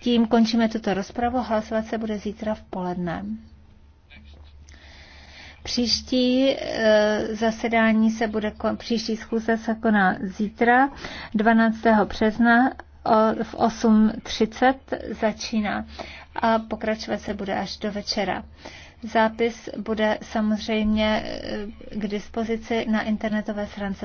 Tím končíme tuto rozpravu. Hlasovat se bude zítra v poledne. Příští eh, zasedání se bude, příští schůze se koná zítra, 12. března v 8.30 začíná a pokračovat se bude až do večera. Zápis bude samozřejmě eh, k dispozici na internetové stránce.